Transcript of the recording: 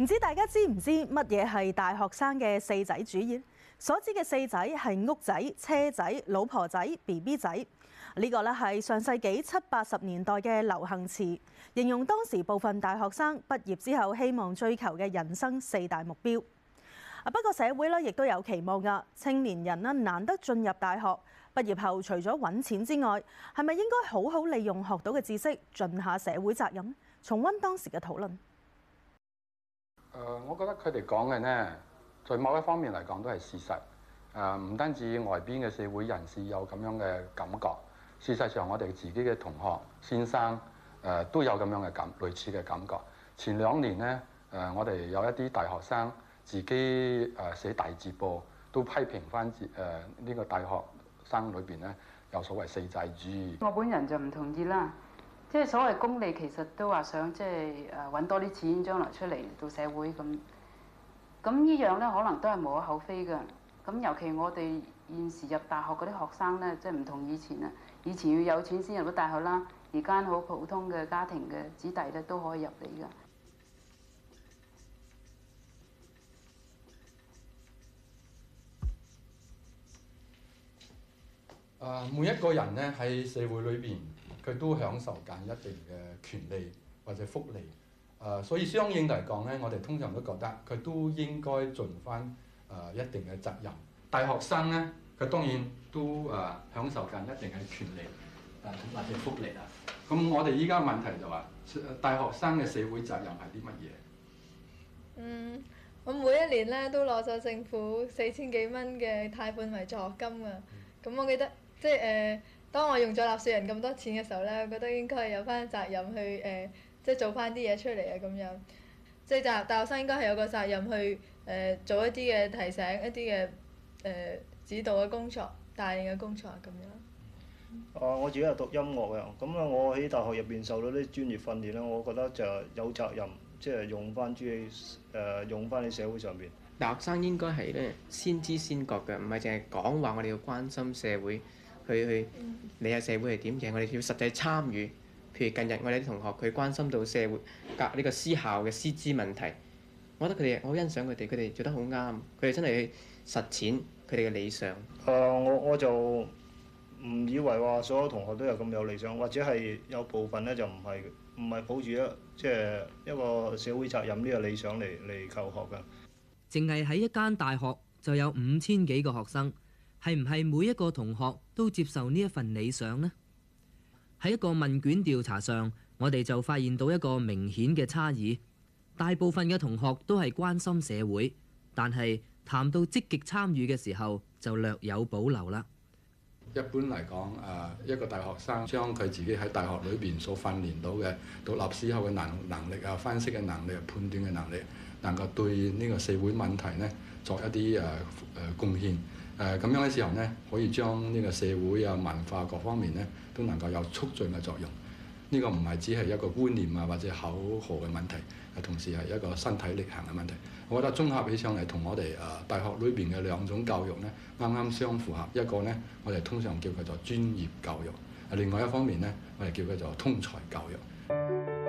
唔知大家知唔知乜嘢係大學生嘅四仔主義，所指嘅四仔係屋仔、車仔、老婆仔、BB 仔。呢個咧係上世紀七八十年代嘅流行詞，形容當時部分大學生畢業之後希望追求嘅人生四大目標。不過社會咧亦都有期望㗎，青年人咧難得進入大學，畢業後除咗揾錢之外，係咪應該好好利用學到嘅知識，盡下社會責任？重溫當時嘅討論。誒，我覺得佢哋講嘅呢，在某一方面嚟講都係事實。誒、呃，唔單止外邊嘅社會人士有咁樣嘅感覺，事實上我哋自己嘅同學、先生誒、呃、都有咁樣嘅感，類似嘅感覺。前兩年呢，誒、呃、我哋有一啲大學生自己誒、呃、寫大字報，都批評翻誒呢個大學生裏邊呢有所謂四仔主義。我本人就唔同意啦。即係所謂功利，其實都話想即係誒揾多啲錢，將來出嚟到社會咁。咁呢樣咧，可能都係無可厚非嘅。咁尤其我哋現時入大學嗰啲學生咧，即係唔同以前啦。以前要有錢先入到大學啦，而家好普通嘅家庭嘅子弟咧，都可以入嚟噶。呃，每一個人咧喺社會裏邊。佢都享受緊一定嘅權利或者福利，誒、呃，所以相應嚟講咧，我哋通常都覺得佢都應該盡翻誒一定嘅責任。大學生咧，佢當然都誒享受緊一定嘅權利誒，或者福利啊。咁我哋依家問題就話，大學生嘅社會責任係啲乜嘢？嗯，我每一年咧都攞咗政府四千幾蚊嘅貸款為助學金啊。咁、嗯、我記得即係誒。呃當我用咗納稅人咁多錢嘅時候呢，我覺得應該係有翻責任去誒、呃，即係做翻啲嘢出嚟啊！咁樣即係大學生應該係有個責任去誒、呃、做一啲嘅提醒、一啲嘅、呃、指導嘅工作、帶領嘅工作咁樣、啊。我自己係讀音樂嘅，咁啊，我喺大學入邊受到啲專業訓練啦，我覺得就有責任，即、就、係、是、用翻住去誒用翻喺社會上邊。大學生應該係咧先知先覺嘅，唔係淨係講話我哋要關心社會。去去，理下社會係點嘅？我哋要實際參與。譬如近日，我哋啲同學佢關心到社會隔呢個私校嘅師資問題，我覺得佢哋我好欣賞佢哋，佢哋做得好啱，佢哋真係去實踐佢哋嘅理想。誒、呃，我我就唔以為話所有同學都有咁有理想，或者係有部分咧就唔係唔係抱住一即係、就是、一個社會責任呢個理想嚟嚟求學㗎。淨係喺一間大學就有五千幾個學生。係唔係每一個同學都接受呢一份理想呢？喺一個問卷調查上，我哋就發現到一個明顯嘅差異。大部分嘅同學都係關心社會，但係談到積極參與嘅時候，就略有保留啦。一般嚟講，誒、呃、一個大學生將佢自己喺大學裏邊所訓練到嘅獨立思考嘅能能力啊，分析嘅能力、判斷嘅能力，能夠對呢個社會問題呢作一啲誒誒貢獻。呃呃誒咁樣嘅時候呢，可以將呢個社會啊、文化各方面呢，都能夠有促進嘅作用。呢個唔係只係一個觀念啊，或者口號嘅問題，係同時係一個身體力行嘅問題。我覺得綜合起上嚟，同我哋誒大學裏邊嘅兩種教育呢，啱啱相符合。一個呢，我哋通常叫佢做專業教育；另外一方面呢，我哋叫佢做通才教育。